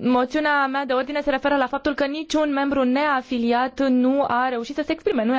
moiunea mea de ordine se referă la faptul că niciun membru neafiliat nu a reușit să se exprime. Nu